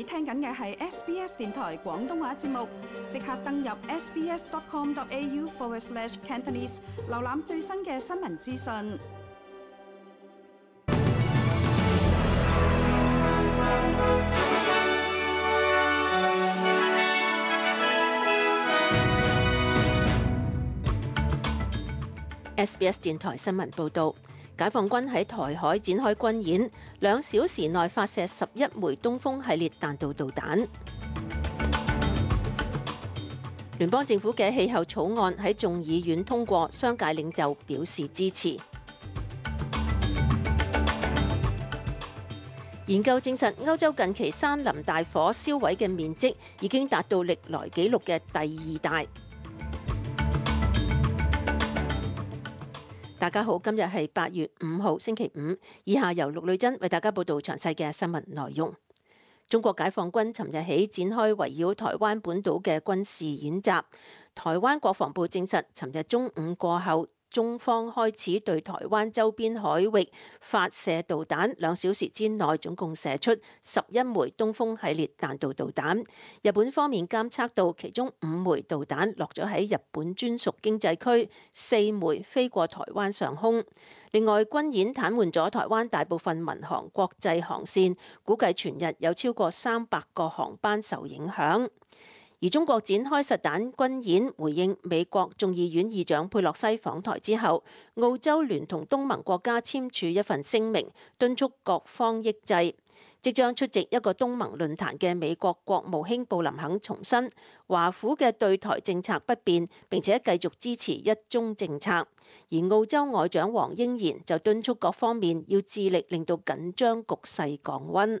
你聽緊嘅係 SBS 電台廣東話節目，即刻登入 sbs.com.au/cantonese 瀏覽最新嘅新聞資訊。SBS 電台新聞報道。解放軍喺台海展開軍演，兩小時內發射十一枚東風系列彈道導彈。聯邦政府嘅氣候草案喺眾議院通過，商界領袖表示支持。研究證實，歐洲近期山林大火燒毀嘅面積已經達到歷來紀錄嘅第二大。大家好，今日係八月五號星期五，以下由陸女真為大家報道詳細嘅新聞內容。中國解放軍尋日起展開圍繞台灣本島嘅軍事演習。台灣國防部證實，尋日中午過後，中方開始對台灣周邊海域發射導彈，兩小時之內總共射出十一枚東風系列彈道導彈。日本方面監測到其中五枚導彈落咗喺日本專屬經濟區，四枚飛過台灣上空。另外，軍演癱瘓咗台灣大部分民航國際航線，估計全日有超過三百個航班受影響。而中國展開實彈軍演，回應美國眾議院議長佩洛西訪台之後，澳洲聯同東盟國家簽署一份聲明，敦促各方抑制。即將出席一個東盟論壇嘅美國國務卿布林肯重申，華府嘅對台政策不變，並且繼續支持一中政策。而澳洲外長黃英賢就敦促各方面要致力令到緊張局勢降溫。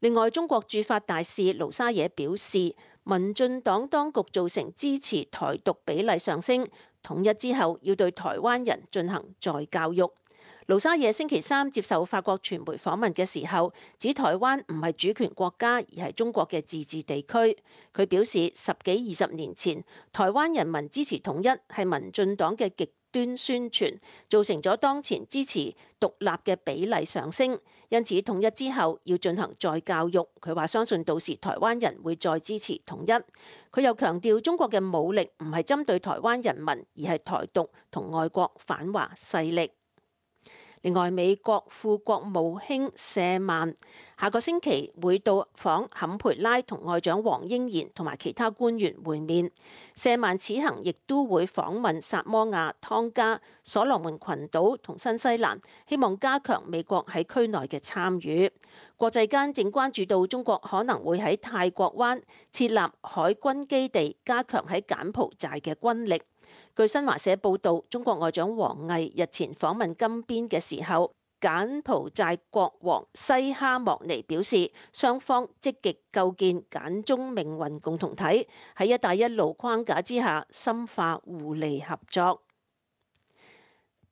另外，中國駐法大使盧沙野表示，民進黨當局造成支持台獨比例上升，統一之後要對台灣人進行再教育。盧沙野星期三接受法國傳媒訪問嘅時候，指台灣唔係主權國家，而係中國嘅自治地區。佢表示，十幾二十年前，台灣人民支持統一係民進黨嘅極端宣傳造成咗當前支持獨立嘅比例上升，因此統一之後要進行再教育。佢話相信到時台灣人會再支持統一。佢又強調中國嘅武力唔係針對台灣人民，而係台獨同外國反華勢力。另外，美國副國務卿舍曼下個星期會到訪坎培拉同外長黃英賢同埋其他官員會面。舍曼此行亦都會訪問薩摩亞、湯加、所羅門群島同新西蘭，希望加強美國喺區內嘅參與。國際間正關注到中國可能會喺泰國灣設立海軍基地，加強喺柬埔寨嘅軍力。據新華社報導，中國外長王毅日前訪問金邊嘅時候，柬埔寨國王西哈莫尼表示，雙方積極構建柬中命運共同體，喺「一帶一路」框架之下深化互利合作。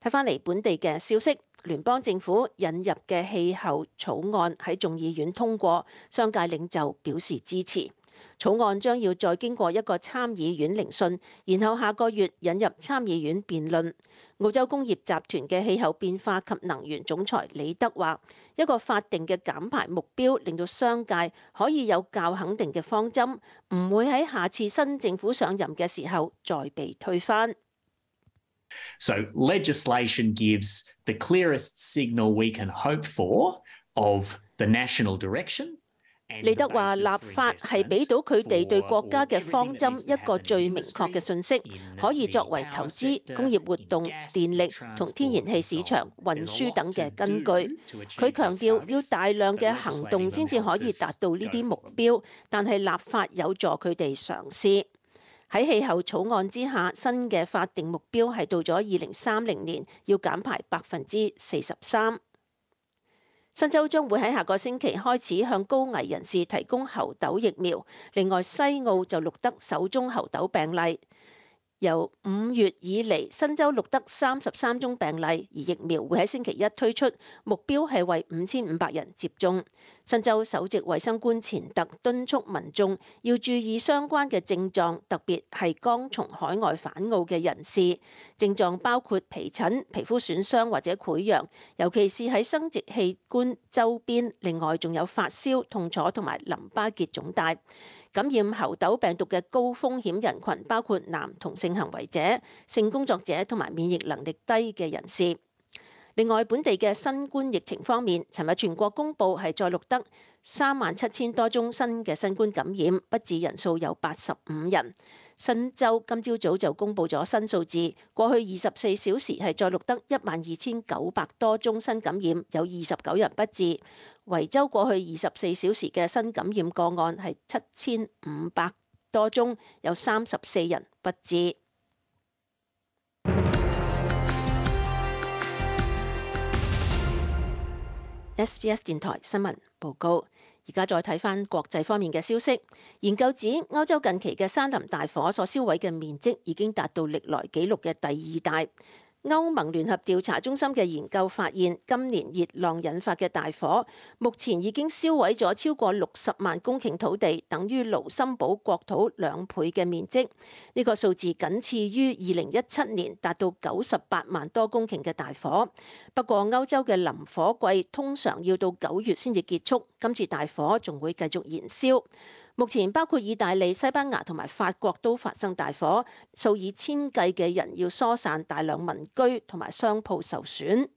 睇翻嚟本地嘅消息，聯邦政府引入嘅氣候草案喺眾議院通過，商界領袖表示支持。草案將要再經過一個參議院聆訊，然後下個月引入參議院辯論。澳洲工業集團嘅氣候變化及能源總裁李德話，一個法定嘅減排目標令到商界可以有較肯定嘅方針，唔會喺下次新政府上任嘅時候再被推翻。So legislation gives the clearest signal we can hope for of the national direction. 利德話：立法係俾到佢哋對國家嘅方針一個最明確嘅信息，可以作為投資、工業活動、電力同天然氣市場、運輸等嘅根據。佢強調要大量嘅行動先至可以達到呢啲目標，但係立法有助佢哋嘗試。喺氣候草案之下，新嘅法定目標係到咗二零三零年，要減排百分之四十三。新州將會喺下個星期開始向高危人士提供猴痘疫苗。另外，西澳就錄得首宗猴痘病例。由五月以嚟，新州錄得三十三宗病例，而疫苗會喺星期一推出，目標係為五千五百人接種。新州首席衛生官錢特敦促民眾要注意相關嘅症狀，特別係剛從海外返澳嘅人士。症狀包括皮疹、皮膚損傷或者潰瘍，尤其是喺生殖器官周邊。另外，仲有發燒、痛楚同埋淋巴結腫大。感染猴痘病毒嘅高風險人群包括男同性行為者、性工作者同埋免疫能力低嘅人士。另外，本地嘅新冠疫情方面，尋日全國公佈係再錄得三萬七千多宗新嘅新冠感染，不治人數有八十五人。新州今朝早就公布咗新數字，過去二十四小時係再錄得一萬二千九百多宗新感染，有二十九人不治。維州過去二十四小時嘅新感染個案係七千五百多宗，有三十四人不治。SBS 電台新聞報告。而家再睇返國際方面嘅消息，研究指歐洲近期嘅山林大火所燒毀嘅面積已經達到歷來紀錄嘅第二大。歐盟聯合調查中心嘅研究發現，今年熱浪引發嘅大火目前已經燒毀咗超過六十萬公頃土地，等於盧森堡國土兩倍嘅面積。呢個數字僅次於二零一七年達到九十八萬多公頃嘅大火。不過，歐洲嘅林火季通常要到九月先至結束，今次大火仲會繼續燃燒。目前包括意大利、西班牙同埋法國都發生大火，數以千計嘅人要疏散，大量民居同埋商鋪受損。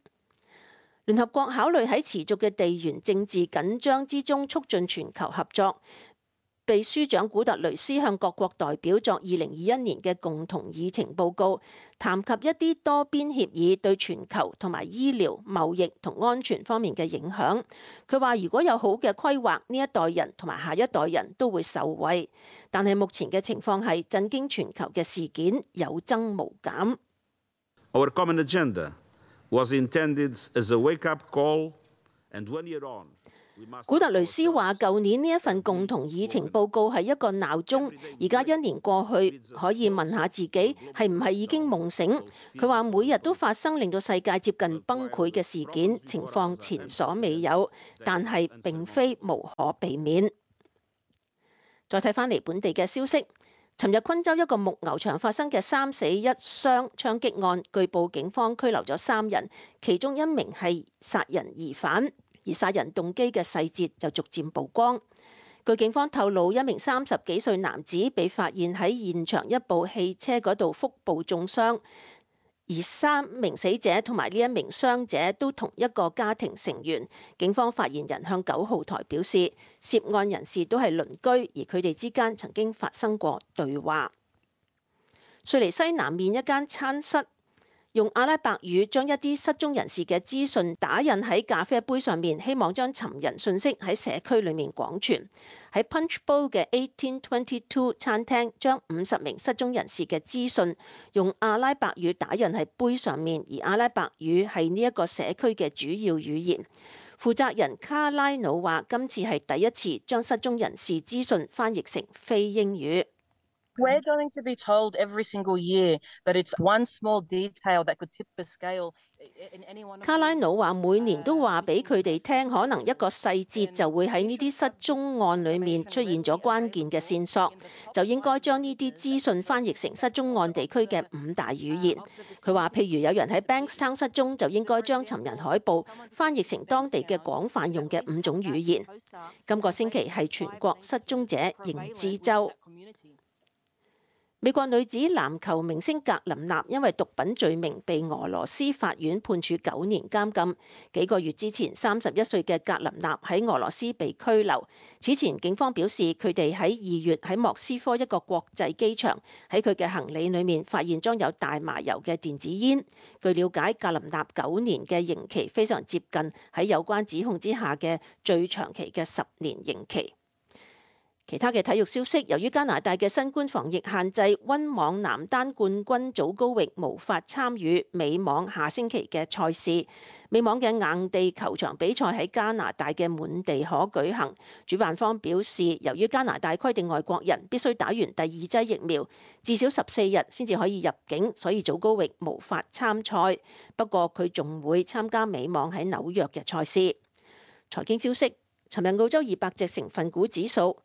聯合國考慮喺持續嘅地緣政治緊張之中，促進全球合作。秘書長古特雷斯向各國代表，作二零二一年嘅共同議程報告，談及一啲多邊協議對全球同埋醫療、貿易同安全方面嘅影響。佢話，如果有好嘅規劃，呢一代人同埋下一代人都會受惠，但係目前嘅情況係震驚全球嘅事件有增無減。Our 古特雷斯話：舊年呢一份共同議程報告係一個鬧鐘，而家一年過去，可以問問下自己係唔係已經夢醒？佢話：每日都發生令到世界接近崩潰嘅事件，情況前所未有，但係並非無可避免。再睇返嚟本地嘅消息，尋日昆州一個牧牛場發生嘅三死一傷槍擊案，據報警方拘留咗三人，其中一名係殺人疑犯。而殺人動機嘅細節就逐漸曝光。據警方透露，一名三十幾歲男子被發現喺現場一部汽車嗰度腹部中傷，而三名死者同埋呢一名傷者都同一個家庭成員。警方發言人向九號台表示，涉案人士都係鄰居，而佢哋之間曾經發生過對話。悉尼西南面一間餐室，用阿拉伯語將一啲失蹤人士嘅資訊打印喺咖啡杯上面，希望將尋人信息喺社區裏面廣傳。喺 Punchbowl 嘅1822餐廳，將五十名失蹤人士嘅資訊用阿拉伯語打印喺杯上面，而阿拉伯語係呢一個社區嘅主要語言。負責人卡拉努話：今次係第一次將失蹤人士資訊翻譯成非英語。We're going to be told every single year that it's one small detail that could tip the scale. 卡拉奴話每年都話俾佢哋聽，可能一個細節就會喺呢啲失蹤案裏面出現咗關鍵嘅線索，就應該將呢啲資訊翻譯成失蹤案地區嘅五大語言。佢話譬如有人喺 Bankstown 失蹤，就應該將尋人海報翻譯成當地嘅廣泛用嘅五種語言。今個星期係全國失蹤者認知週。美國女子籃球明星格林納因為毒品罪名被俄羅斯法院判處九年監禁。幾個月之前，三十一歲嘅格林納喺俄羅斯被拘留。此前，警方表示佢哋喺二月喺莫斯科一個國際機場喺佢嘅行李裏面發現裝有大麻油嘅電子煙。據了解，格林納九年嘅刑期非常接近喺有關指控之下嘅最長期嘅十年刑期。其他嘅體育消息，由於加拿大嘅新冠防疫限制，溫網男單冠軍祖高域無法參與美網下星期嘅賽事。美網嘅硬地球場比賽喺加拿大嘅滿地可舉行。主辦方表示，由於加拿大規定外國人必須打完第二劑疫苗，至少十四日先至可以入境，所以祖高域無法參賽。不過佢仲會參加美網喺紐約嘅賽事。財經消息，尋日澳洲二百隻成分股指數。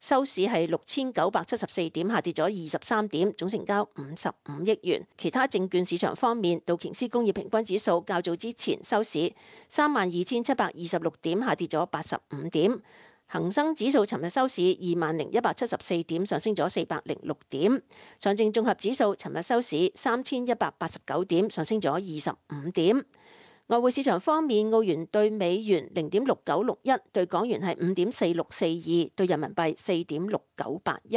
收市係六千九百七十四點，下跌咗二十三點，總成交五十五億元。其他證券市場方面，道瓊斯工業平均指數較早之前收市三萬二千七百二十六點，下跌咗八十五點。恒生指數尋日收市二萬零一百七十四點，上升咗四百零六點。上證綜合指數尋日收市三千一百八十九點，上升咗二十五點。外匯市場方面，澳元對美元零點六九六一，對港元係五點四六四二，對人民幣四點六九八一。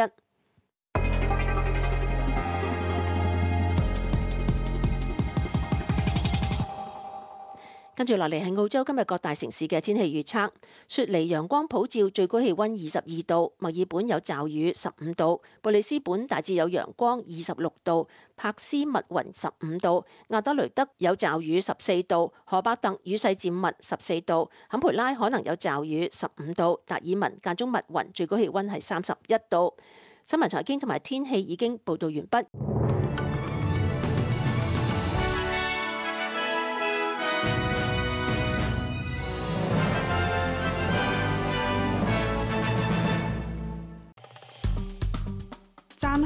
跟住落嚟係澳洲今日各大城市嘅天氣預測。雪梨陽光普照，最高氣溫二十二度；墨爾本有驟雨，十五度；布里斯本大致有陽光，二十六度；珀斯密雲，十五度；阿德雷德有驟雨，十四度；河巴特雨勢漸密，十四度；坎培拉可能有驟雨，十五度；達爾文間中密雲，最高氣溫係三十一度。新聞財經同埋天氣已經報道完畢。